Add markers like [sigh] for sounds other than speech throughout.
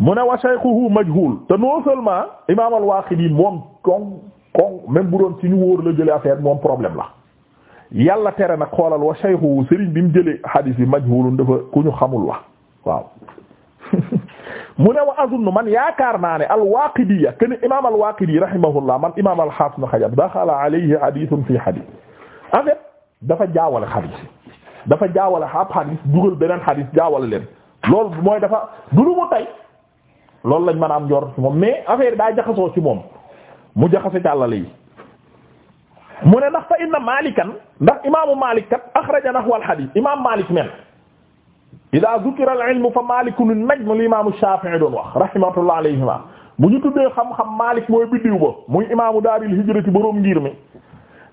mu ne wa shaykhuhu majhul te non seulement imaam al moom kon kon même bu doon ci ñu wóor la jëlee affaire moom problème la yàlla tere na xoolal wa shaykhuhu sëriñ bi mu jëlee hadis bi majhulun dafa ku ñu xamul la waaw [laughs] mu ne wa azunnu man yaakaar naa ne al-Waaqidiyya ken imaam al-Waaqidi rahimahullah man imaam al-Haafiz Ibn Hajar daxala alayhi hadithun fi hadith en fait dafa jaawal hadith dafa jaawale ab hadith dugal beneen hadith jaawale leen loolu mooy dafa du lu mu tay loolu lañ mën a am njort moom mais affaire daa jaxasoo ci moom mu jaxase càllale yi mu ne ndax fa inna malikan ndax imaamu malik kat axraja nahwal hadith imaam malik men ida zukira al ilmu fa malikun najm li imaamu shafi'i doon wax rahmatullah alayhima bu ñu tuddee xam-xam malik mooy biddiw ba muy imaamu daaril hijrati boroom ngir mi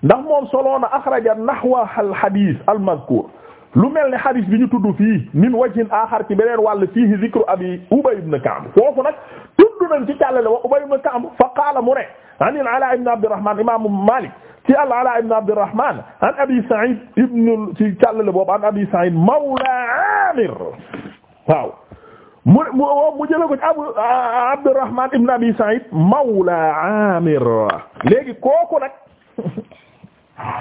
ndax moom soloona axraja nahwa al hadith lu mel ni xadis bi ñu tudd fii min wajhin aaxar ci beneen wàll fii zikru abi ubay ibn Ka'b foofu nag tudd nañ ci càllale wa ubay ibn Ka'b fa qaala mu ne an il ala ibn abdirahman imaamu Maalik ci ala ibn abdirahman an abi Sa'id ibn ci càllale boobu an abi Sa'id mawla Aamir waaw mu mu mu jëlee ko ci abu abdirahman ibn abi Sa'id mawla Aamir léegi kooku nag [laughs]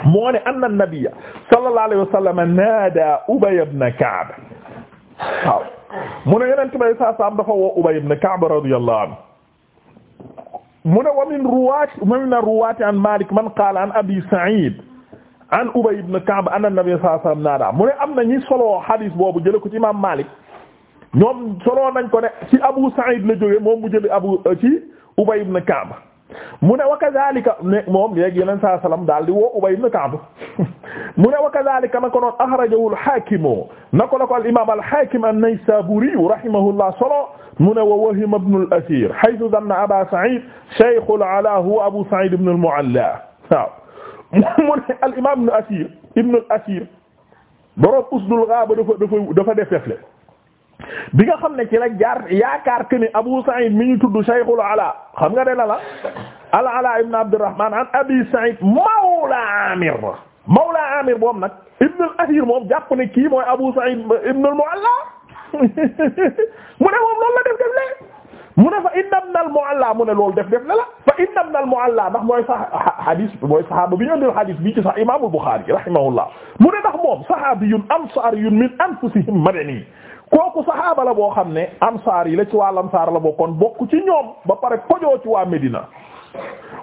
moo ne anna nabiyya sallallahu alayhi wa sallam naada Ubay ibn Ka'b waaw mu ne yonent bay saa saam dafa woo Ubay ibn Ka'b radiyallahu anhu mu ne wa min ruwaat wa min ruwaati an Maalik man qaala an Abi Sa'iid an Ubay ibn Ka'b anna nabiyya sallallahu alayhi wa sallam naada mu ne am na ñi solo hadis boobu jëlee ko ci imaam Maalik ñoom solo nañ ko ne ci Abu Sa'iid la jógee moom mu jëlee Abu ci Ubay ibn Ka'b mu ne wa kadhalika ne moom léegi yeneen saa salaam daal di woo Ubay ibn Ka'b [laughs] mu ne wa kadhalika na ko noon akhrajahu al-Hakim na ko la ko al-imam al-Hakim an-Naysaburi rahimahullah solo mu ne wa wahima ibn al-Athir haythu dhanna Aba Sa'id shaykh al-Ala huwa Abu Sa'id ibn al-Mu'alla waaw [laughs] mu ne al-imam ibn al-Athir ibn al-Athir borom Usdul Ghaba dafa dafa dafa defefle bi nga xam ne ci la jaar yaakaar que ne Abu Sa'id mi ñu tudd Shaykhul Ala xam nga de la la Al Ala ibn Abdurrahman an Abi Sa'id mawla Amir mawla Amir moom nag ibn al-Athir moom jàpp ne kii mooy Abu Sa'id ibn al-Mu'alla [laughs] mu ne moom loolu la def def le mu ne fa inna ibn al-Mu'alla mu ne loolu def def la la fa inna ibn al-Mu'alla ndax mooy sax hadis mooy saxaaba bi ñu andil hadis bi ci sax Imaamul Buxaari rahimahullah mu ne ndax moom saxaabiyun ansaariyun min anfusihim madani kooku saxaaba la boo xam ne ansaar yi la ci waa ansaar la bokkoon bokk ci ñoom ba pare pojoo ci waa Medina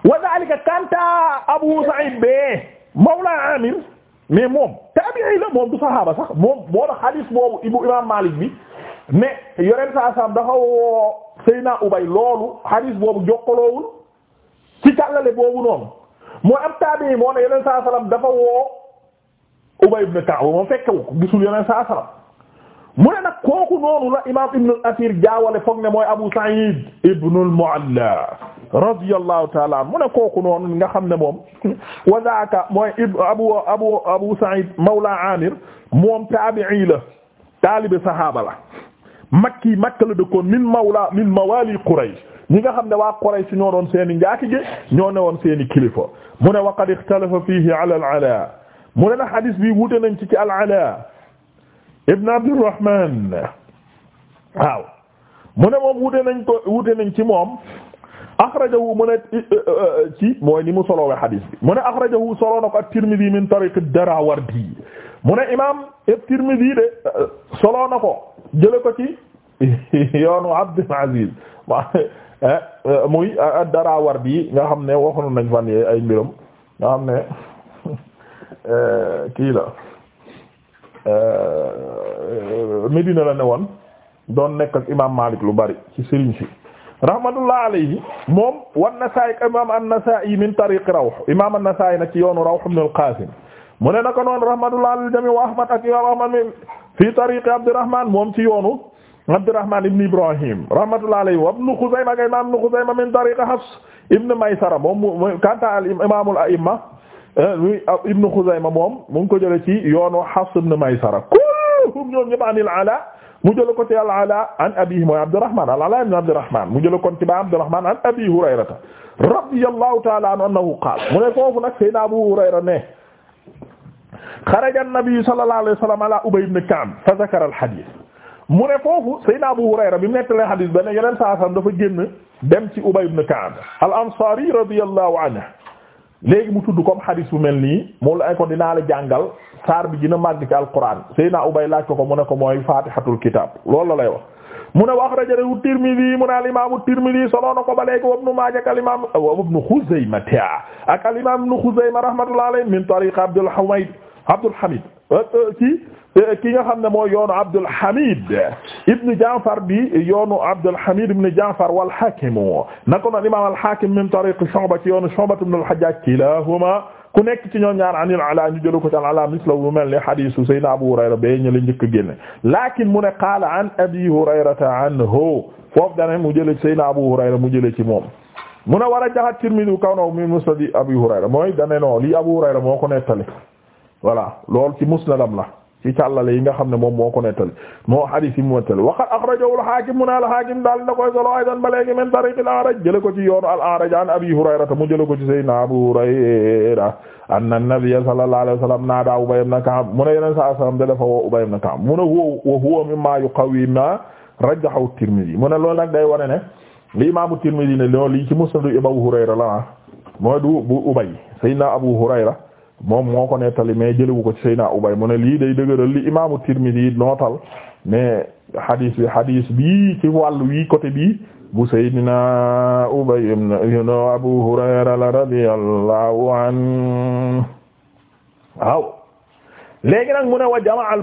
wa zalika kanta Abu Sa'id bee mawla Amir mais moom tabi'i la moom du saxaaba sax moom moo tax hadis boobu ibu imam Malik bi ne yoreen saa saam dafa woo Seyna Ubay loolu hadis boobu jokkaloowul ci tàllale boobu noonu moo am tabi'i moo ne yoreen saa salaam dafa woo Ubay ibn Ka'b moom fekkewu ko gisul yoreen saa salaam mu ne kooku noonu la imam ibn al jaawale foog ne mooy Abu Sa'id ibn al-Mu'alla radiyallahu ta'ala mu ne kooku noonu nga xam ne moom wa zaaka mooy abu abu Abu Sa'id mawla Amir moom taabi'i la taalibe sahaaba makki Makka la dëkkoon min mawla min mawali ñi nga xam ne waa Quraysh ñoo doon seeni njaatige ñoo newoon seeni kilifa mu ne wa qad ala al-Ala na hadis bi wute nañ ci ci ibn Abdurrahman waaw mu ne moom wute nañ ko wute nañ ci moom axrajahu mu ne ci mooy ni mu soloowe xadiis bi mu ne axrajahu soloo na ko at-Tirmidhi min tariq ad-Darawardi mu ne imaam at-Tirmidhi de soloo na ko jële ko ci yoonu Abdul Aziz eh, eh, muy ad-Darawardi nga xam ne waxoon nañ fan ay mbiram nga xam ne eh, kii la Euh, euh, Medina la ne woon doon nekk ak imaam Malik lu bari ci sëriñ si rahmatullah alayhi moom wan Nasaa'i ak imaam an-Nasaa'i min tariq Rawh imaam an-Nasaa'i nag ci yoonu Rawh ibn al-Qasim mu ne naka noonu rahmatullah al jami wa Ahmad ak imaam Ahmad mi fi tariq Abdurrahman moom ci yoonu Abdurrahman ibn Ibrahim rahmatullah alayhi wa ibn Khuzaymah ak imaam ibn Khuzaymah min tariq Hafs ibn Maysara moom kanta al imaamul a'imma muy euh, ah, Ibn Xuzayma moom mu ngi ko jëlee ci yoonu Hafs ibn Maysara kulluhum ñoom ñëpp anil Alaa mu jëlee ko ci al-Alaa an abiihi mooy Abdurrahmaan al-Alaa ibn Abdurrahmaan mu jëlee kon ci ba Abdurrahmaan an Abii Hurayrata radiyallaahu ta'aalaa anhu annahu qaala mu ne foofu nag Seydina Abu Hurayra ne xaraja an-nabiyyu sallallaahu alayhi wa sallam alaa Ubayy ibn Ka'b fa zakara al-hadiis mu ne foofu Seydina Abu Hurayra bi mu nettalee hadiis ba ne Yonent sallallaahu alayhi wa sallam dafa génn dem ci Ubayy ibn Ka'b al-Ansaari radiyallaahu anhu léegi mu tudd comme xadis bu mel ni moo la ko dinaa la jàngal saar bi gën a màgg ci alquran Seydina Ubay laaj ko ko mu ne ko mooy fatihatul kitab loolu la lay wax mu ne wax rajarewu Tirmidi mu ne al imaamu Tirmidi soloo na ko ba léegi wabnu Maaja ak al imaam wabnu Xuzayma ak al imaam ibnu Xuzayma rahmatullahi min tariq Abdul Humayd Abdul Hamid euh, euh, ci euh, ki nga xam ne mooy yoonu Abdul Hamid ibn Ja'far bi yoonu Abdul Hamid ibn Ja'far wal Hakim nako noon imam al Hakim min tariq Shu'ba ci yoonu Shu'ba ibn al Hajjaj kilahuma ku nekk ci ñoom ñaar anil ala ñu jëlu ko ci al ala misla lu mel ni hadisu Sayyidina Abu Hurayra ba ñu la njëkk génne lakin mu ne qaala an Abi Hurayrata anhu foofu dane mu jële ci Sayyidina Abu Hurayra mu jële ci moom mu ne war a jaxat Tirmidhi kaw naw min musnad Abi Hurayra mooy no li Abu Hurayra moo ko nettali voilà loolu ci musnadam la ci càllale yi nga xam ne moom moo ko nettali moo hadis yi mu nettali waqad akhrajahu al-Hakim mu ne al-Hakim daal na koy solo aydan ba léegi min tariq al-A'raj ko ci yoonu al an Abi Hurayrata mu jële ko ci Sayyidina Abu Hurayra an-nabiyya sallallahu alayhi wa sallam naadaa Ubay ibn Ka'b mu ne yeneen saa sallam da dafa woo Ubay ibn Ka'b mu ne wa huwa mimma yuqawwi ma rajjahahu at-Tirmidhi mu ne loolu nag day wane ne li Imam at-Tirmidhi ne loolu li ci Musnad Abu la ah mooy du bu Ubay Sayyidina Abu Hurayra moom moo ko nettali mais jëlewu ko ci Seydina Ubay mu ne lii day dëgëral li imaamu Tirmidi nootal mais hadis bi hadis bii wii côté bii bu Seydina Ubay ibn Abu Hurayra la radiyallahu anhu waaw léegi nag mu ne wa jamaa al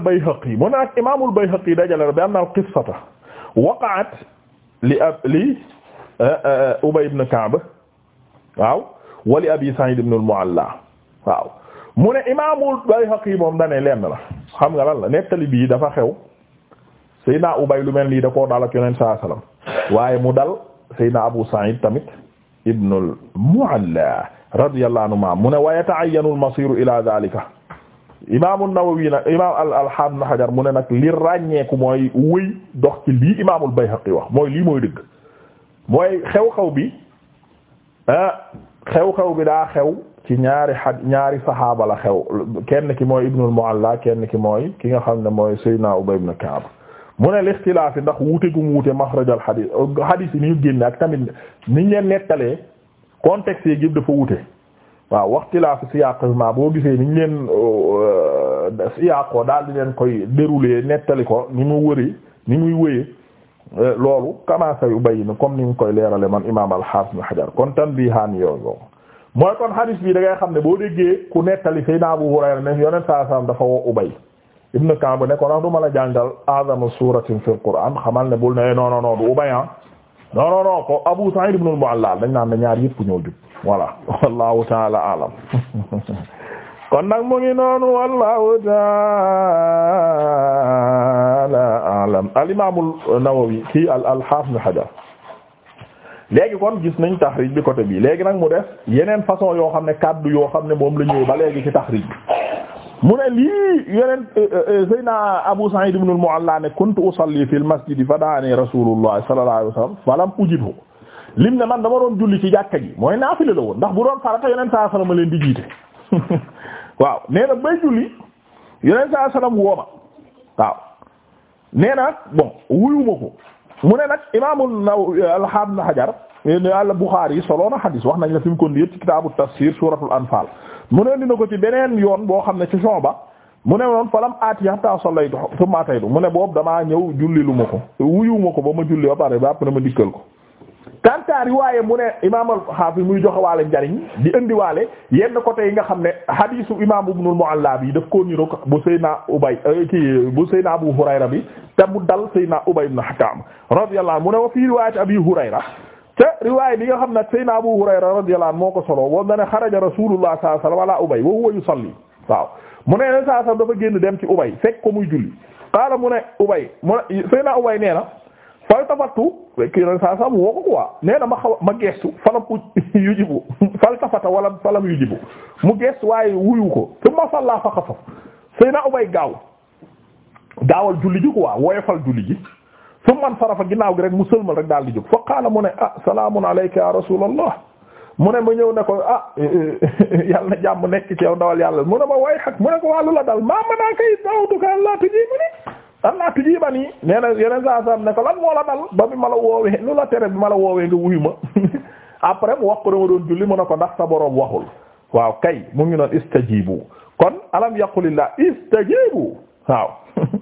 mu ne ak imaamul Bayhaqi dajale bi anna al waqa'at li eh, eh, Ubay ibn Ka'b wa li Abi Sa'id ibn al mu ne imaamul Bayhaqi moom dane lenn xam nga lan la nettali bii dafa xew Seydina Ubay lu mel nii da koo dal ak yonent saa salaam waaye mu dal Seydina Abu Sa'id tamit ibnul Mu'alla radiyallahu anhuma mu ne wa yata'ayyanu al-masiru ila dhalika imaamu Nawawi nag imaam mu ne nag li ràññeeku mooy wëy dox ci lii imaamul Bayhaqi wax mooy lii mooy dëgg mooy xew-xew bi ah, xew-xew bi daa xew ci ñaari xad ñaari saxaaba la xew kenn ki mooy ibnul Mu'alla kenn ki mooy ki nga xam ne mooy Seydina Ubay ibn Ka'b mu ne lixtilaaf yi ndax wuute gu mu wuute maxrajal xadiis xadiis yi ni ñu génne ak tamit niñ leen nettalee contexte yi yëpp dafa wuute waaw waxtilaafu siyaaq ma boo gisee niñ leen euh, siyaaqoo daal di leen koy dérouler nettali ko ni mu wëri ni muy wëyee euh, loolu kama sayubayyin comme ni mu koy leerale man imaam al-Hafiz Ibn kon tanbiihaan yooyu mooy kon hadis bi da xam ne boo déggee ku nettali Seydina Abu Hurayra ne yonent saa sallam dafa woo Ubay ibn Ka'b ne ko ndax du ma la jàngal a'zamu suratin fil Qur'an xamal ne bul ne eh, ah. non non non ko Abu Sa'id ibn al-Mu'allal dañ naan ne ñaar yëpp ñoo jub voilà [laughs] wallahu ta'ala a'lam [laughs] kon nag mu ngi noonu wallahu ta'ala a'lam al-imam an-Nawawi fi al-Hafiz Hajar léegi kon gis nañ taxriij bi côté bi léegi nag mu def yeneen façon yoo xam ne kàddu yoo xam ne moom la ñëw ba léegi ci taxriij bi mu ne lii yeneen euh, euh, euh, Seydina Abu Sa'id ibn al-Mu'alla ne kuntu usalli fil masjid fa da'ani rasulullah sallallahu alayhi wasallam falam ujibhu lim ne man dama doon julli ci jàkka ji mooy naafila la woon ndax bu doon farata yeneen saa salaam leen di jiite [laughs] waaw nee na bay julli yeneen saa salaam wooma waaw nee bon wuyuma ko. mu ne nag imaamul Nawawi alhamdulilah Hajar eh, al Bukhari yi solo na xadis wax nañ la fi mu ko yëpp ci kitaabu tafsir suuratul anfaal mu ne dina ko ci beneen yoon boo xam ne ci Shu'ba mu ne noon falam aati hatta sallaytu thumma ataytu mu ne boobu damaa ñëw julli lu ma ko ma ko ba ma julli ba pare ba après ma dikkal ko. kanta riwaaye mu ne imaam al-Hafiz muy waale njariñ di waale yenn côté yi nga xam ne hadisu imaam Ibnul Mu'alla bi daf koo niroog bu Seyna Ubay eh, kii bu Seyna Abu Hurayra bi te mu dal Seyna Ubay ibn Hakam radiyallahu anhu mu ne wa fii riwaayati Abi Hurayra te riwaay bi nga xam ne Seyna Abu Hurayra radiyallahu anhu moo ko solo boobu da ne xaraja Rasulullah sallallahu alayhi wa sallam ala Ubay wa huwa yusalli waaw mu ne sallallahu alayhi wa dafa génn dem ci Ubay fekk ko muy julli qaala mu ne Ubay mu ne Seyna Ubay nee na fooy tafatu kii na saa saa woo ko quoi nee na ma xaw ma gestu falam [laughs] yu jibu fal tafata falam yu jibu mu gestu waaye wuyu ko su ma sallaa fa xasaf sëy na ubay gaaw gaawal julli ji quoi woyofal julli ji su man sarafa ginnaaw gi rek mu sëlmal rek daal di jóg fa qaala mu ne ah salaamun alayka ya rasulallah mu ne ma ñëw ne ko ah [laughs] yàlla na jàmm nekk ci yow dawal yàlla mu ne ma way xak mu ne ko wàllu la dal maa mën naa kay dawtuka Allah tuji mu ni allah tujibani nee na yeneen saa saa ne ko lan moo la dal ba bi mala la woowee lu la tere bi ma la nga wuyu ma [laughs] après mu wax ko dama doon julli mu ne ko ndax sa boroom waxul waaw kay mu ngi noon istajibu kon alam yaqulillah istajibu waaw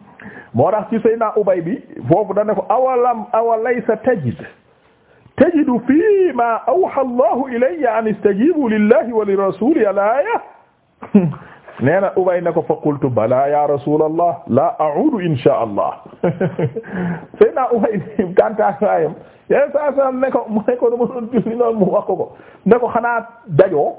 [laughs] moo tax ci Seydina Ubay bi foofu da ne ko awalam awalaysa tajid tajidu fii ma awha allahu ilayya an istajibu lillahi wa li rasuli al [laughs] nee na Ubay na ko fa qultu bala ya rasulallah la a'udu insha allah Seydina [laughs] Ubay kantaa waayam yeneen saa saa ko mu ne ko dama doon julli noonu mu wax ko ne dajoo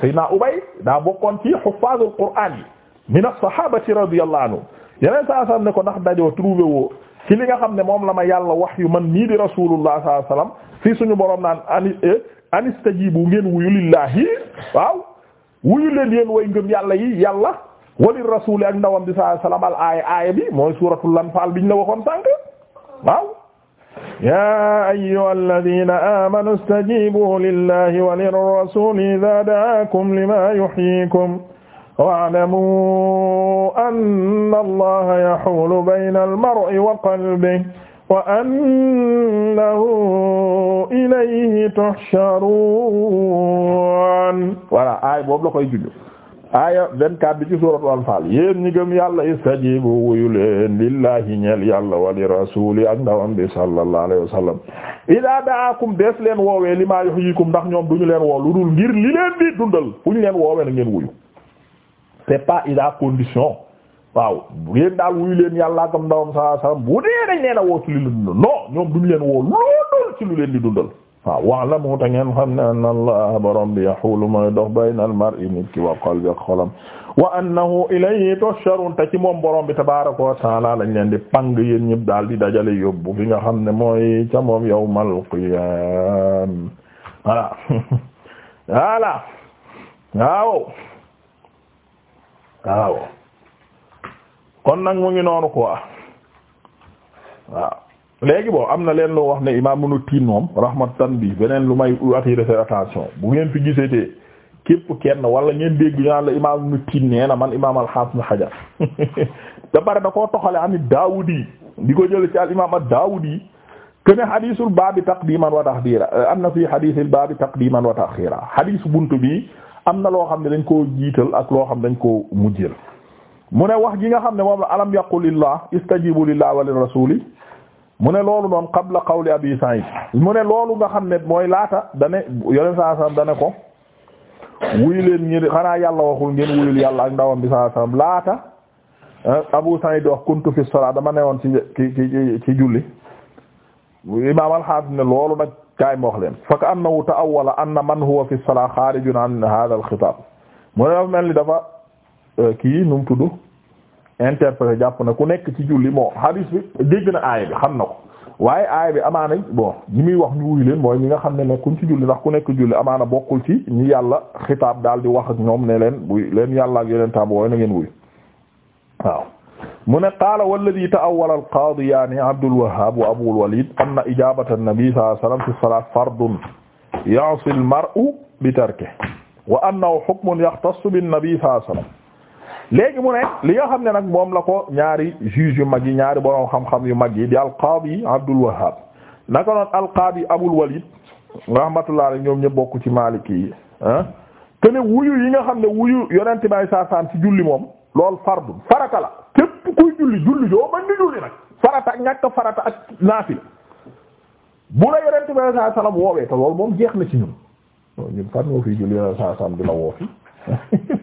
Seydina Ubay daa bokkoon ci huffaazul Qur'aan yi min as-sahaabati radiyallahu anhu yeneen saa saa ne ko ndax dajoo trouvé woo ci li nga xam ne moom la ma yàlla wax yu man nii di rasulullah sallallahu alayhi wasallam fii suñu borom naan ani eh, anistajibu ngeen wuyu lillahi wuyu leen yéen way ngëm yàlla yi yàlla wali rasuuli ak ndawam bi sallallahu alayhi wasallam al aaya aaya bi mooy suuratul anfaal biñ la waxoon sànq waaw yaa ayyuha alladina amanu stajibu lillahi wa lirrasuli ida daakum lima yuhyikum wa'lamu anna allaha yahulu bayna almar'i wa qalbihi wa annahu ilayhi tuhsharun voilà aay boobu la koy juju aaya 24 bi ci suuratul anfaal yéen ñi gëm yàlla istajibu wuyu leen lillahi ñeel yàlla wa li ak ndawam sallallahu alayhi wa sallam ida daakum dees leen woowee li maa yuhyikum ndax ñoom duñu leen woo lu dul ngir li leen di dundal fu leen woowee na ngeen wuyu c'est pas ida condition waaw yéen daal wuyu leen yàlla ak ndawam sallallahu alayhi wasallam bu a woo ci lu leen dundal ñoom duñ leen woo loolu ci lu leen di dundal waaw wax la mu ngeen xam ne anna allah bi yaxuulu mooy dox bayna al wa qalbi ak xolam lañ leen di pang yéen daal di dajale yóbbu fi nga xam ne mooy ca moom yawmal qiyaam voilà [laughs] waaw kon nag mu ngi noonu quoi waaw léegi boo am na leen loo wax ne imaam munu tiin moom rahmatan bi beneen lu may attirer seen attention bu ngeen fi gisee te képp kenn wala ngeen dégg ñu naan la imaam munu tiin nee na man imaam al-Hafiz Ibn Hajar [laughs] da bare da koo toxale am Daawudi di ko jël ci al imaam ad-Daawudi kene hadisul baabi taqdiman wa taxdira am na fii hadisul baabi taqdiman wa taxira hadis bunt bi am na loo xam ne dañ koo jiital ak loo xam dañ koo mujjeel mu ne wax gi nga xam ne moom la alam yaqul lillah istajibu lillah wa lirrasuli mu ne loolu noonu qabla qawli abi sa'id mu ne loolu nga xam ne mooy laata dane yoneen saa sallam dane ko wuyu leen ñi xanaa yàlla waxul ngeen wuyul yàlla ak ndawam bi saa sallam laata eh, abu sa'id wax kuntu fi salat dama newoon ci ci ci ci julli imam alxaafis ne loolu nag kaay ma wax leen fa ka annahu ta'awwala anna man huwa fi salat xaarijun an hadha al mu ne dafa mel ni dafa Euh, kii nu mu tudd interpréter jàpp na ku nekk ci julli bon hadis bi dégg na aaya bi xam na ko waaye aaya bi amaana bon ñi muy wax ñu wuyu leen mooy ñi nga xam ne nekkuñ ci julli ndax ku nekk julli amaana bokkul ci ñu yàlla xitaab daal di wax ak ñoom ne leen buy leen yàlla ak yeneen taabu wooy na ngeen waaw mu ne qaala walladi ta'awwala al-qaadiyaani Abdul Wahhaab wa Abul Waliid anna ijaabata an-nabi sallallahu fi salaat fardun ya'si al-mar'u bi tarkihi wa annahu hukmun yaxtassu bin-nabi léegi mu ne li nga xam ne nag moom la ko ñaari juge yu mag yi ñaari borom xam-xam yu mag yi di alqaadi Abdul Wahhab naka noon alqaadi Abul Walid rahmatullah alayhi ñoom ñëpp bokk ci Maliki yi ah te ne wuyu yi nga xam ne wuyu yonent bay saasaan ci julli moom lool fardu farata la képp kuy julli julli joo mën di julli nag farata ak ñàkk farata ak naafila bu la yonent bay saasaan woowee te loolu moom jeex na ci ñun ñun fan moo julli yonent saasaan di [laughs]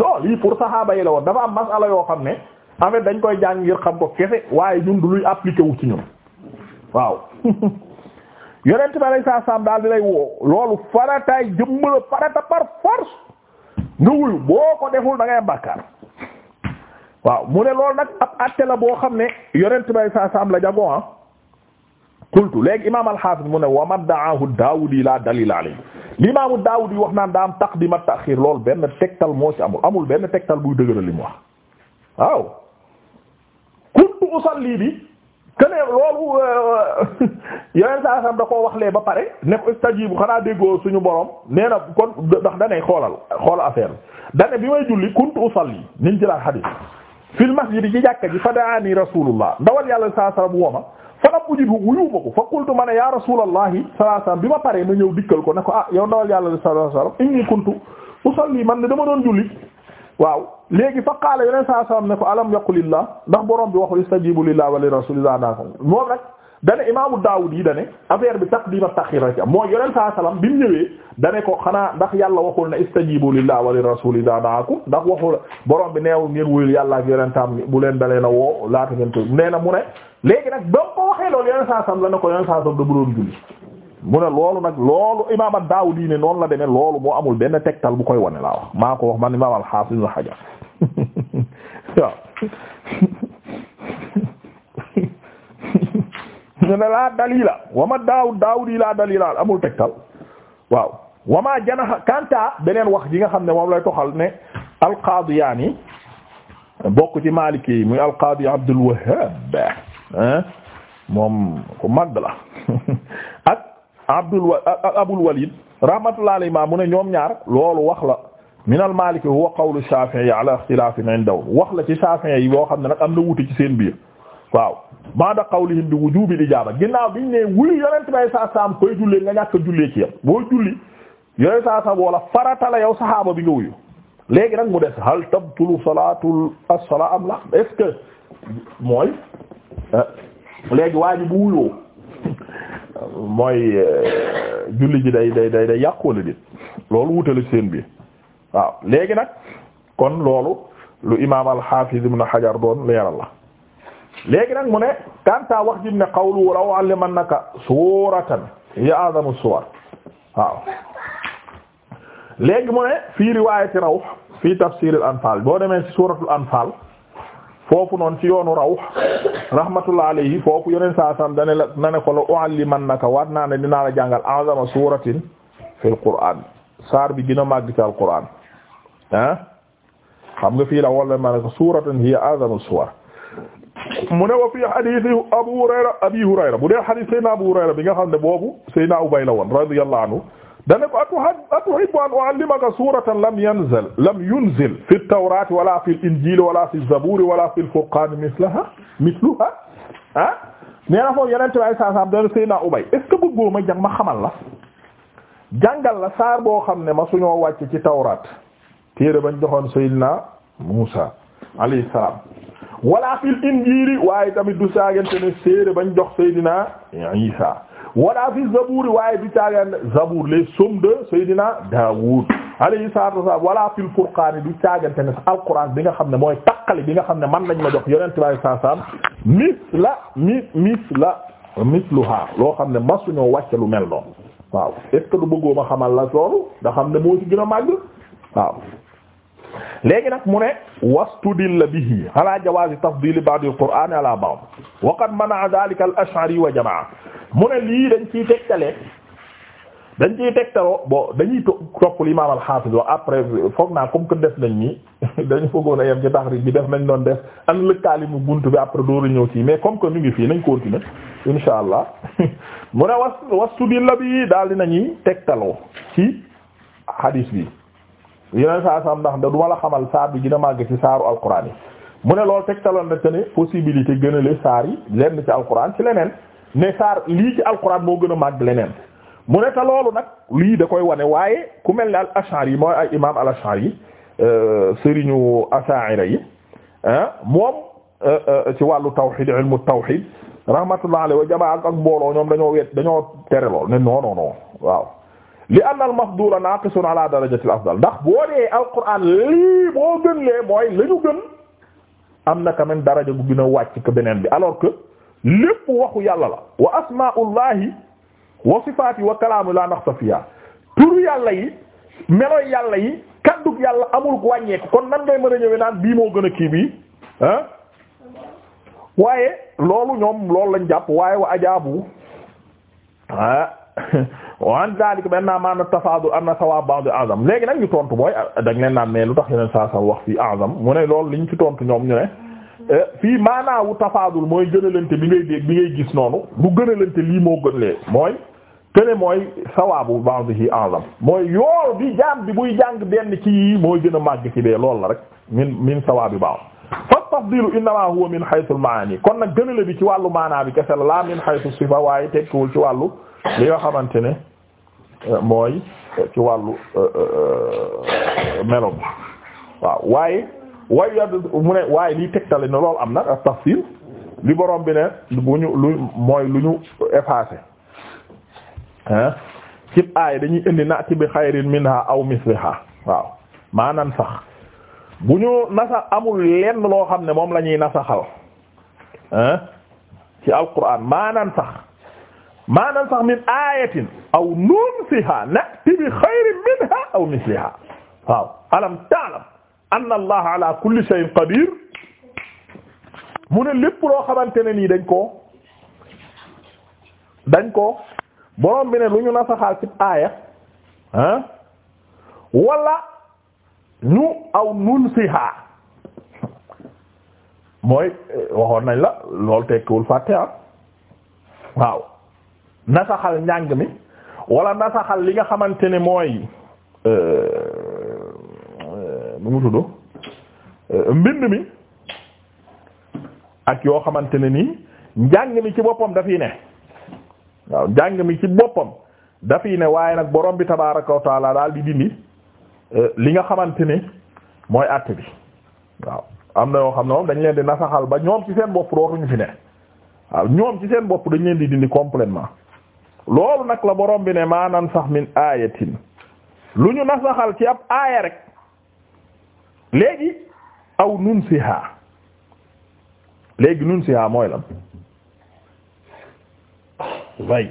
non lii pour saxaaba yi la woon dafa am masala yoo xam ne en dañ koy jàng ngir xam ko kese waaye ñun du luy appliqué wu ci ñun waaw [laughs] yonent bi alay saa saam daal di lay woo loolu farataay jëmmala farata par force nga wuyu boo ko deful da ngay bàkkaar waaw mu ne loolu nag ab àtte la boo xam ne yonent bi alay saa saam la jago ah qultu léegi imaam al mu ne wa man da'ahu Daawudi la dalila alayhi li imaamu Daawud yi wax naan daa am taqdim ak taxiir loolu benn tegtal moo ci amul amul benn tegtal buy dëgëral li mu wax waaw kuntu usalli bi kene loolu euh, [laughs] yeneen saa da koo waxlee ba pare ne ko istajibu xanaa déggoo suñu borom nee na kon ndax danay xoolal xoolal affaire dane bi may julli kuntu usalli niñ ci laa xadiis fil masjid yi ci jàkka ji fa daani rasulullah ndawal yàlla saa sallam wooma falam ujibu wuyu ma ko fa qultu ma ne ya rasulallahi sallallahu alayhi wasallam bi ma paree ma ñëw dikkal ko ne ko ah yow ndawal yàlla sallallahu alayhi wasallam inni kuntu usalli man ne dama doon julli waaw léegi fa qaala yoneen sallallahu alayhi wasallam ne ko alam yaqulillah ndax borom bi waxul istajibu lillah wa li rasulillah naa ko moom rek dane imaamu Daawud yi dane affaire bi taqdim ak taxir la ci am mooy yonent saa salaam bi mu ñëwee dane ko xanaa ndax yàlla waxul ne istajibu lillahi wa lirrasuli idaa da'aakum ndax waxul borom bi neewul ngeen wuyul yàlla ak yonentam bu leen dalee na woo laata ngeen ko nee mu ne léegi nag ba ko waxee loolu yonent saa salaam la ne ko yonent saa salaam da bu doon julli mu ne loolu nag loolu imaam ad-Daawud yi ne noonu la demee loolu moo amul benn tegtal bu koy wane laa wax maa ko wax man [laughs] [laughs] ñu ne laa dalila wama daawud daawud yi laa dalila amul tegtal waaw kanta beneen wax ji nga xam ne moom lay toxal ne alqaadiyaani bokk ci maliki yi muy alqaadi abdul wahhab moom ku mag la [laughs] ak abdul abul walid rahmatullah ma mu ne ñoom ñaar loolu wax la min al maliki huwa al shafi'i ala ikhtilafin indahu wax la ci shafi'i yi boo xam ne nag am na wuti ci seen bii waaw ba'da qawlihim bi wujubil ijaaba ginnaaw biñ ne wuyu yonent bay saa saam koy jullee nga ñàkk jullee ci boo julli yonent saa saam wala farata yow saxaaba bi nga wuyu léegi nag mu des hal tabtulu salaatul as-salaa am la est-ce que mooy euh, léegi waa wuyoo [laughs] mooy euh, julli ji day day day day yàqu wala déet loolu wutale seen bi waaw léegi nag kon loolu lu imaam al-Hafiz Ibn Hajar doon leeral la léegi nag mu ne kanta wax jim ne qawlu law allimannaka suuratan hiya a'zamu suwar waaw léegi mu ne fii riwaayati rawx fii tafsir al anfaal boo demee ci suuratul anfaal foofu noonu ci yoonu rawx rahmatullah alayhi foofu yeneen saa sam dane la na ne ko la u'allimannaka waat naa ne dinaa la jàngal a'zama suuratin fil qur'aan saar bi dina màgg ci al qur'aan ah xam nga fii la wala ma ne ko suuratan hiya a'zamu suwar mu ne wa fi hadith Abu Hurayra Abi Hurayra bu dee hadith Seydina Abu Hurayra bi nga xam ne boobu Seydina Ubay la woon radiyallahu anhu dane ko atuhibbu an u'allimaka suratan lam yanzil lam yunzil fi at-tawrati wala fi al-injili wala fi az-zaburi wala fi al-furqani mislaha misluha ah nee na foofu yenente way saasam dane Seydina Ubay est ce que bëggoo ma jàng ma xamal la jàngal la saar boo xam ne ma suñoo wàcc ci tawraat téere bañ joxoon Seydina Musa alayhi salaam wala fil injiili waaye tamit du saagante ne séeré bañ jox Seydina Isa wala fi zabuuri waaye du caagante zabuur les psaumes de Seydina Daoud alayhi salaatu wassalaam wala fil furqaani du caagante ne sa alquran bi nga xam ne mooy takkali bi nga xam ne man lañ ma jox yonent bi alayhi salaatu wassalaam misla mi misla misluha loo xam ne masuñoo wàcce lu mel noonu waaw est ce que bëggoo ma xamal la loolu nga xam ne moo ci gën a màgg waaw léegi nag mu ne wastudilla bihi ala jawaazi tafdili ba'd al-qur'an alaa ba'd wa qad mana'a dhalika al-ash'ari wa jamaa mu ne lii dañ ciy tegtale dañ ciy tegtaloo bon dañuy to l'imam al-hafiz wa après foog naa comme que def nañ nii [laughs] dañu foogoon a yem ci taxrij bi def nañ doon def an lëkkaali mu bunt bi après dooru ñëw ci mais comme que ñu ngi fii nañ continuer insha allah [laughs] mu ne was wastudilla bihi daal dinañuy tegtaloo ci hadis bi yeneen saa sam ndax da duma la xamal saar bi gën màgg ci saaru alquran yi mu ne loolu tegtaloon na te ne possibilité gën a le saar yi lenn ci alquran ci leneen ne saar lii ci alquran moo gën a màgg leneen mu ne te loolu nag lii da koy wane waaye ku mel ne al ashari yi mooy ay imam al ashari euh, yi sëriñu asaira yi moom euh, euh, ci wàllu tawhid ilmu tawhid rahmatullah alayhi wa jamaa ak mbooloo ñoom dañoo wet dañoo tere lool ne non waaw li anna al mafdula naqisun ala darajati al afdal ndax boo dee alquran lii boo gën lee mooy la gën am na quand même daraja gu gën a wàcc que beneen bi alors que lépp waxu yàlla la wa asmaullahi wa sifaati wa kalaamu la naxta fiha yàlla yi meloy yàlla yi kaddug yàlla amul wàññeeku kon nan ngay mën a ñëwee naan bii moo gën a kii bii ah waaye loolu ñoom loolu lañ jàpp waaye wa ajaabu ah [laughs] wa an dalik benna maana tafaadul anna sawa ba'd a'zam léegi nag ñu tontu mooy dañ leen naan ne lu tax yeneen saa sa wax fii a'zam mu ne li liñ ci tontu ñoom ñu ne eh, fii maanaawu tafaadul mooy gënalante bi ngay dégg bi ngay gis noonu bu gënalante lii moo gën lee mooy tele mooy sawaabu ba'dihi a'zam mooy yool bi jaam bi buy jàng benn ci yii mooy gën a màgg ci bee loolu la rek min min sawaabi ba'd fa tafdilu innama huwa min haythu al kon nag gënale bi ci wàllu maanaa bi kese la laa min haythu sifa waaye tekkiwul ci wàllu li nga xamante ne euh, mooy euh, ci wàllu euh, melo bi waaw waaye way yadd mu ne waaye liy tegtale ne loolu am na ak li borom bi ne bu ñu lu mooy lu ñu effacé ah cib aay dañuy indi naati bi xayrin minha aw misliha waaw maanan sax bu ñu nasa amul lenn loo xam ne moom lañuy ñuy nasaxal ah ci alquran maanan sax maa nansakh min ayatin aw nunsiha na'ti bi khayrin minha aw misliha waaw alam ta'lam anna allaha ala kulli shay'in qadir mu ne lépp loo xamante ne nii dañ koo dañ ko borom bi ne lu ñu nasaxaal ci aaya ah wala ñu aw nunsiha mooy eh, waxoon nañ la loolu tekkiwul fàtte ah waaw nasaxal njàng mi wala nasaxal li nga xamante ne mooy euh, euh, nu mu tudd euh, mbind mi ak yoo xamante ne nii njàng mi ci boppam dafiy ne waaw mi ci boppam dafiy ne waaye nag boroom bi tabaaraka daal di dindi li nga xamante ni mooy àtte bi waaw am na yoo xam ne moom dañ leen di nasaxal ba ñoom ci seen bopp dootuñu fi ne waaw ñoom ci seen bopp dañ leen di dindi completement loolu nag la borom bi ne maa sax min aayatin lu ñu nasaxal ci ab aaya rek léegi aw nunsiha léegi nunsiha mooy lan way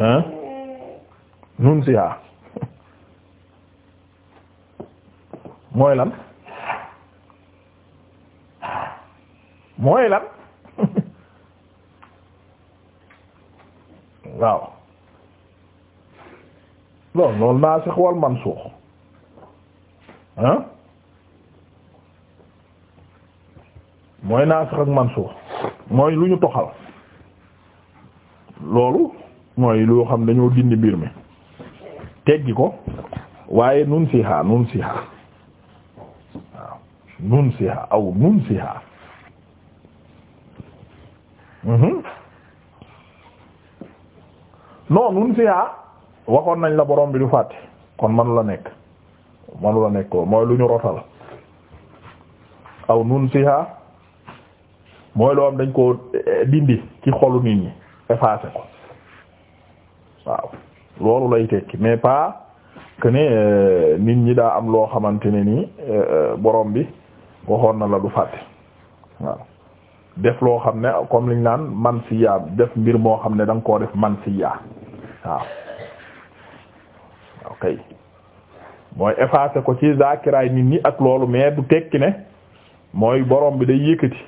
hein nunsiha mooy lan mooy lan waaw loolu loolu naasix wal mansuux ah mooy naasix ak mansuux mooy lu ñu toxal loolu mooy loo xam dañoo dindi mbir mi teggi ko waaye nun siha nun siha waaw nun siha aw nun siha mhm. non nun fiyaa ah, waxoon nañ la borom bi du fàtte kon manu la nekk manu la nekkoo mooy lu ñu rotal aw nun fiyaa ah, mooy loo am dañ koo eh, dindi ci xolu nit ñi effacer ko waaw loolu lay tekki mais pas que ne eh, nit ñi daa am loo xamante ne nii eh, borom bi waxoon na la du fàtte waaw def loo xam ne comme liñ naan man si yaa def mbir moo xam ne da nga koo def man si yaa waaw ok mooy effacer ko ci zakiraay nit ñi ak loolu mais du tekki ne mooy borom bi day yëkkati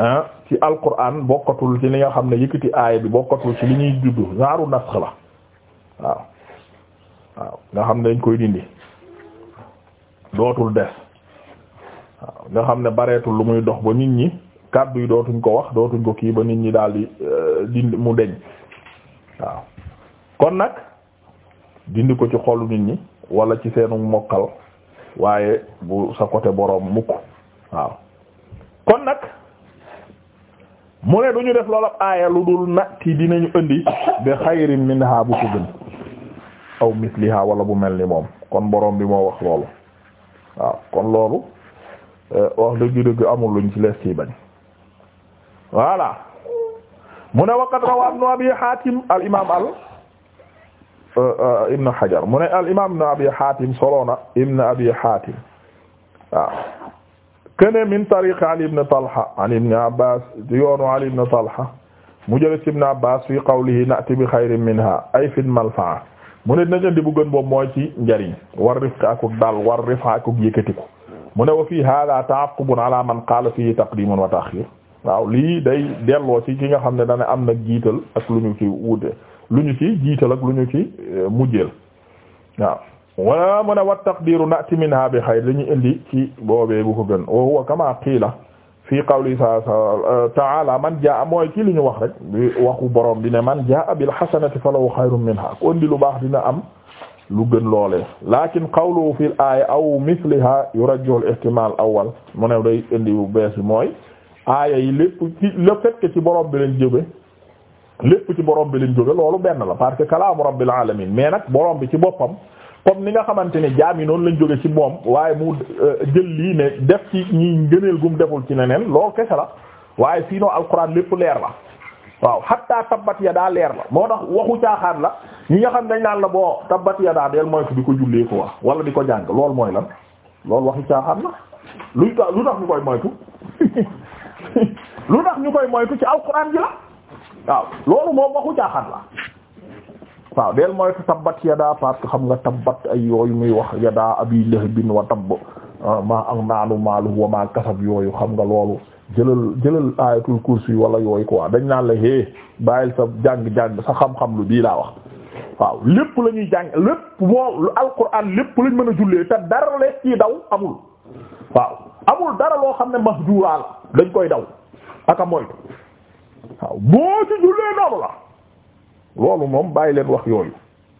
ah ci alquran bokkatul ci li nga xam ne yëkkati aaya bi bokkatul ci li ñuy judd naaru nasx la waaw waaw nga xam ne dañ koy dindi dootul des nga xam ne bareetul lu muy dox ba nit ñi kàddu yi dootuñ ko wax dootuñ ko kii ba nit ñi daal euh, di mu deñ waaw kon nag dindi ko ci xolu nit ñi wala ci seenu mokkal waaye bu sa côté boroom mukk waaw kon nag mu ne duñu def loolu ab aaya lu dul natti dinañu indi bi xayrin minha bu ko gën aw misliha wala bu mel ni moom kon boroom bi moo wax loolu waaw kon loolu Eh, wax dëgg-dëgg amul mu ne waqad rawa ibn abi hatim al imam al eh, eh, ibn abi hatim solona ibn abi hatim kene min tariq ali ibn talha an ibn abbas yoonu ali ibn talha mu jële ci ibn fi qawlihi na'ti bi xayrin minha ay fil malfa'a mu ne dinañ indi bu gën boobu mooy ci rifqa akuk dal war rifqa akuk yëkkatiku mu ne wa fii hada ta'aqqubun ala man qaala fihi taqdimun wa ta'khir waaw lii day delloo ci ki nga xam ne dane am nag jiital ak lu ñu ci wute lu ñu ci jiital ak lu ñu ci eh, mujjeel waaw wa mu ne wa taqdiru na'ti minha bi xayr dañuy indi ci boobee bu ko gën wa huwa kama qiila fii qawli eh, ta'ala man jaa mooy ci li ñu wax rek waxu borom di ne man jaa bil hasanati falahu xayrun minha ko indi lu baax dina am lu gën loolee lakin qawluhu fii aaya aw misliha yurajjihu al-ihtimaal awwal mu ne day indi bu bees bi mooy aaya yi lépp ci le fait ci borom bi lañ jóge lépp ci borom bi lañ jóge loolu benn la parce que kalaamu rabbil alamin mais nag borom bi ci boppam comme ni nga xamante ne jaam yi noonu lañ jóge ci moom waaye mu euh, jël lii ne def ci ñu ngëneel gum deful ci neneen loolu kese la waaye sinon alquran lépp leer la waaw hatta tabbat daa leer la moo tax waxu caaxaan la ñi nga xam dañ naan la boo tabbat yadaa del mooy di ko jullee ko wax wala di ko jàng loolu mooy lan loolu waxu caaxaan la lu tax lu tax ñu koy [laughs] lu tax koy moytu ci alquran ji la waaw loolu moom waxu caaxaan la waaw del moytu tabbat yadaa parce que xam nga tabbat ay yooyu muy wax yadaa abi lahabin wa tabb ah, ma ak naanu maalu wa ma kasab yooyu xam nga loolu jëlal jëlal aayatul kursi wala yooyu quoi dañ naan la hé bàyyil sa jàng-jàng sa xam-xam lu bii laa wax waaw lépp la ñuy jàng lépp moo alquran lépp lañ mën a jullee te dara lees ci daw amul waaw amul dara loo xam ne mahjura la dañ koy daw aka moytu waaw boo ci jullee noonu la loolu moom bàyyi leen wax yooyu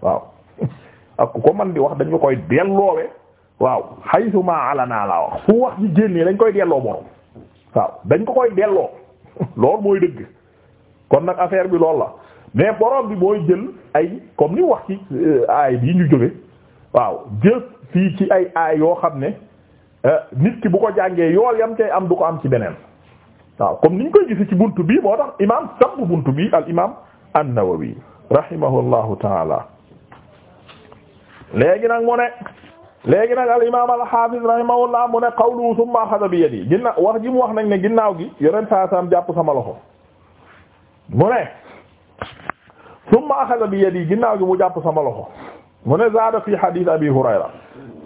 waaw [laughs] ak ko man di wax dañ ko koy delloowe waaw xaytu ma alana laa wax fu wax ji génnee dañ koy delloo borom waaw dañ ko koy delloo [laughs] loolu mooy dëgg kon nag affaire bi loolu la mais borom bi mooy jël ay comme ni wax ci euh, aay bi ñu jóge waaw jël fii ci ay aay yoo xam ne euh, nit ki bu ko jàngee yool yam cay am du ko am ci beneen waaw comme niñ koy gisi ci bunt bi moo tax imam samp buntu bi al imam an-Nawawi rahimahullahu taala léegi nag mu ne léegi nag al imaam al hafiz rahimahullah mu ne qawlu thumma akhadha bi yadi ginnaaw wax ji mu wax nag ne ginnaaw gi yonent saa saam jàpp sama loxo mu ne thumma akhadha bi yadi ginnaaw gi mu jàpp sama loxo mu ne zaada fi hadith abi hurayra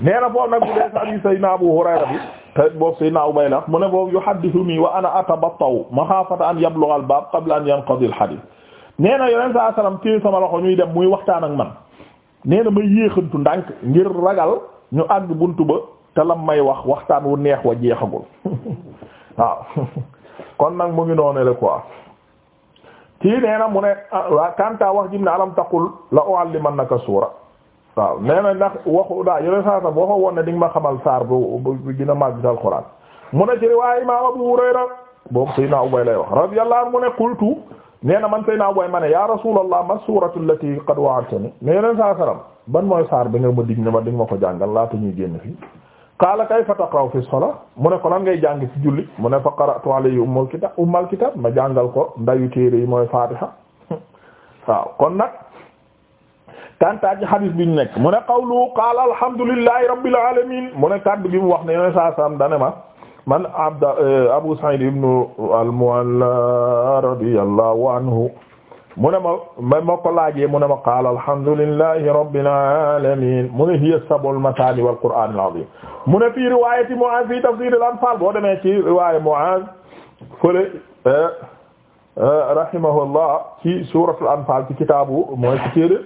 nee na foofu nag bu dee hadith sayyidina abu hurayra bi te boobu sayyidina ubayla mu ne boobu yuhaddithuni wa ñuy dem muy waxtaan ak man nee na may yéexantu ndànk ngir ragal ñu àgg bunt ba te lam may wax waxtaan wu neex wa jeexagul [laughs] waaw [laughs] kon nag mu ngi noonu le quoi kii nee na mu ne ah, waa kanta wax jim ne alam taqul la u'allimannaka suura waaw nee na ndax waxu daa yore saa sax boo ko woon ne di nga ma xamal saar bu bu gën a màgg alxuraan mu ne ci riwaaya imaam Abu Hurayra boobu Seydina Ubay lay wax yàlla anhu mu ne qultu nee na man Seydina Abu ma ne ya rasulallah ma suuratu allati qad wa'adtani ne yeneen saa salaam ban mooy saar bi nga ma dig ne ma di ma ko jàngal laata ñuy génn fii qaala kayfa taqra'u fi salaa mu ne ko lan ngay jàng ci julli mu ne fa qara'tu alayhi ummul kitaab ummul kitaab ma jàngal ko ndayu téere yi mooy Faatiha [laughs] waaw kon nag kantaa ci xadiis bi ñu nekk mu ne qawlu qaala alhamdulillahi rabbil alamin mu ne kaddu gi mu wax ne yeneen saa salaam dane ma man abd eh, Abu Sa'id ibn al-Mu'alla radiyallahu anhu mu ne ma ma ko laajee mu ne ma qaala alhamdulillahi rabbil alamin mu ne hiya sab'ul mathani wal qur'anil azim mu ne fii riwayati Mu'az fii tafsir al-anfal boo demee ci riwaya Mu'az fële eh, eh, rahimahullah ci suratul anfal ci kitaabu mooy ci téere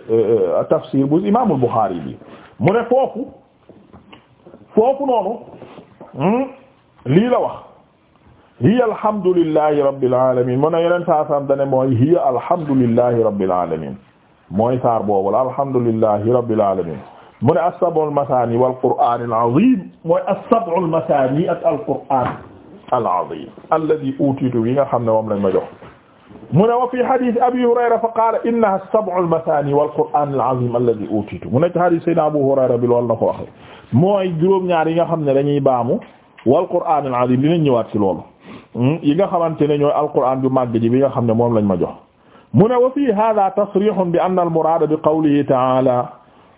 tafsir bu imamul Bukhari bi mu ne foofu foofu noonu hmm, lii la wax hiya alhamdulillahi rabbil alamin mu ne yeneen saasam dane mooy hiya alhamdulillahi rabbil alamin mooy saar boobu la alhamdulillahi rabbil alamin mu ne as-sab'ul masaani wal qur'aanil aziim mooy as-sab'ul masaani ak al-qur'aan al-aziim alladii uutiitu yi nga xam ne moom lañ ma jox. mu ne wa fii hadiisi Abii Hurayra fa qaala innahaa as-sab'ul masaani wal qur'aanil aziim alladii uutiitu mu ne ci hadiis Sayyidinaa Abuu Hurayra bi loolu la ko waxee mooy juróom-ñaar yi nga xam ne dañuy baamu wal qur'aanil aziim dinañ ñëwaat ci loolu hmm? yi nga xamante ne ñooy alqur'aan ju màgg ji bi nga xam ne moom lañ ma jox mu ne wa fii haaza tasriihun bi anna al-muraada bi qawlihi ta'aalaa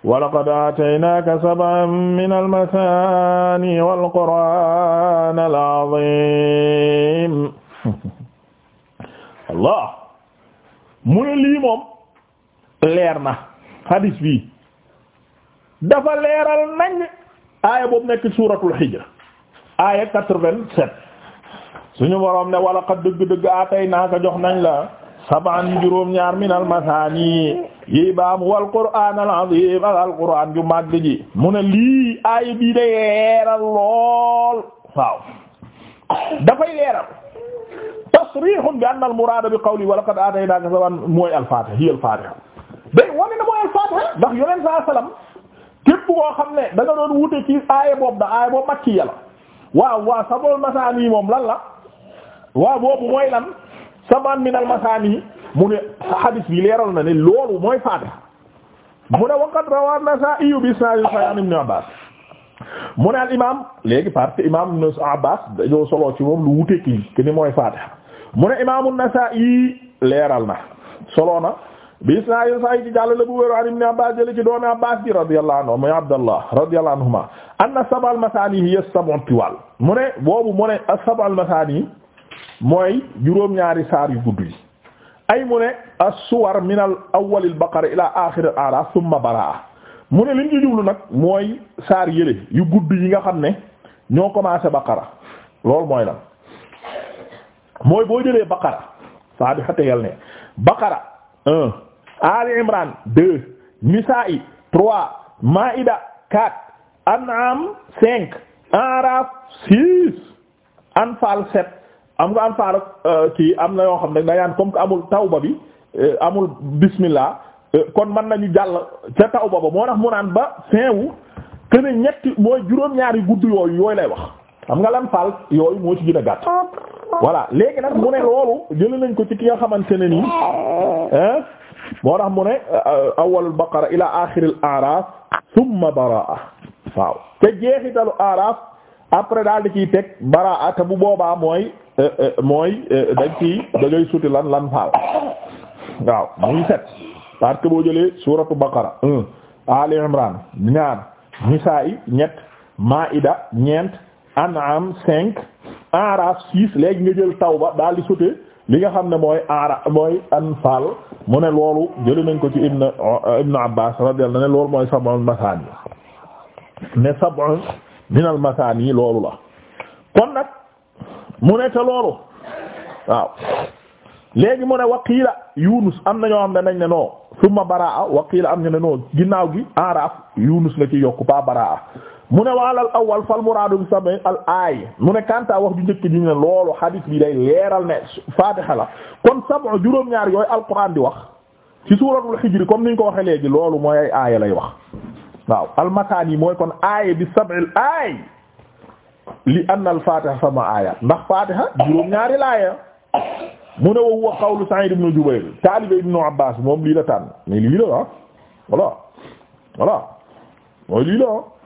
wa laqad aataynaaka sab'an minal masaani wal qur'aanal aziim [laughs] Allah mu ne lii moom leer na hadis bi dafa leeral nañ aaya boobu nekk suuratul hijr aaya quatre-vingt-sept suñu boroom ne wala qad dëgg-dëgg atay naa ko jox nañ la saban juróom ñaar minal masaani yi baam wal qur'aan al azim al qur'aan ju màgg ji mu ne lii aaya bii day leeral lool dafay leeral tasrihun bi anna al muraada bi qawli wala qad atay naa ko saban mooy al faatiha hiya al faatiha day wane na mooy ndax yoneen koo xam ne da nga doon ci aaya boobu da aaya boobu makkiya la waaw waaw sabul masaani moom lan la waaw boobu mooy lan samaan minal masaani mu ne hadis bi leeral na ne loolu mooy faatiha mu ne waqad rawaa Nasaa'i bi isnaad Sayyid mu ne al imaam léegi parce que imaam ibn Abbaas dañoo solo ci moom lu wuteek lii ki ni mooy faatiha mu ne imaamu Nasaa'i leeral na solo na bi isnaadin sahiih ci jàlla la bu wéeru an ibn Abbaas jële ci doomi Abbaas ji radiyallahu anhu muy Abdallah radiyallahu anhuma anna sab'al masaani hiya sab'u tiwaal mu ne boobu mu ne as masaani mooy juróom-ñaari saar yu gudd yi ay mu ne as min al awwal ila aaxir al thumma baraa mu ne liñ ci jublu nag mooy saar yële yu gudd yi nga xam ne ñoo commencé baqara loolu mooy lan mooy boo jëlee baqara saa di xategal ne baqara un Ali Imran deux Nisa'i trois Maïda quatre An'am cinq Araf six Anfal sept am nga Anfal euh, kii am na yoo xam ne dayaan comme que amul tawba bi euh, amul bismillah euh, kon mën ñu jàll ca tawba ba moo tax mu naan ba fin wu que ne ñetti mooy juróom-ñaari gudd yooyu yooyu lay wax xam nga lan faal yooyu moo ci gën a gàtt voilà léegi nag mu ne loolu jëlee nañ ko ci ki nga xamante ne nii. moo tax mu ne awwalul baqara ila axiril aaraaf summa te jeexitalu aaraaf après daal di ciy teg baraa te bu boobaa mooy eh, eh, mooy eh, dañ ciy da ngay lan lan faal waaw muy set parce que boo jëlee suuratu baqara un ali imran ñaar nisaa'i ñett maida ñeent an'am cinq aaraaf six léegi nga jël tawba daal di sute li nga xam ne mooy aara mooy anfaal mu ne loolu jëli nañ ko ci ibn ibn Abbas radiyallahu loolu mooy sab'ul masaani ne sab'un min al masaani loolu la kon nag mu ne te loolu waaw léegi mu ne waqiila Yunus am na ñoo xam ne nañ ne noo summa baraa waqiila am ñu ne noo ginnaaw gi araaf Yunus nga ci yokk ba baraa mu ne waalal awal fal muraadu bi sab'i al mu ne kanta wax ju njëkk ji ne loolu hadith bi day leeral ne fatiha la kon sab'u juróom-ñaar yooyu alquran di wax ci suuratul hijri comme niñ ko waxee léegi loolu mooy ay aaya lay wax waaw almataani mooy kon aaya bi sab'il aay li anna al fatiha sama aaya ndax fatiha juróom-ñaari laaya mu ne wa huwa qawlu Sa'id ibn Jubayr taalibe ibn Abbas moom lii la tànn mais lii la ah voilà voilà mooy lii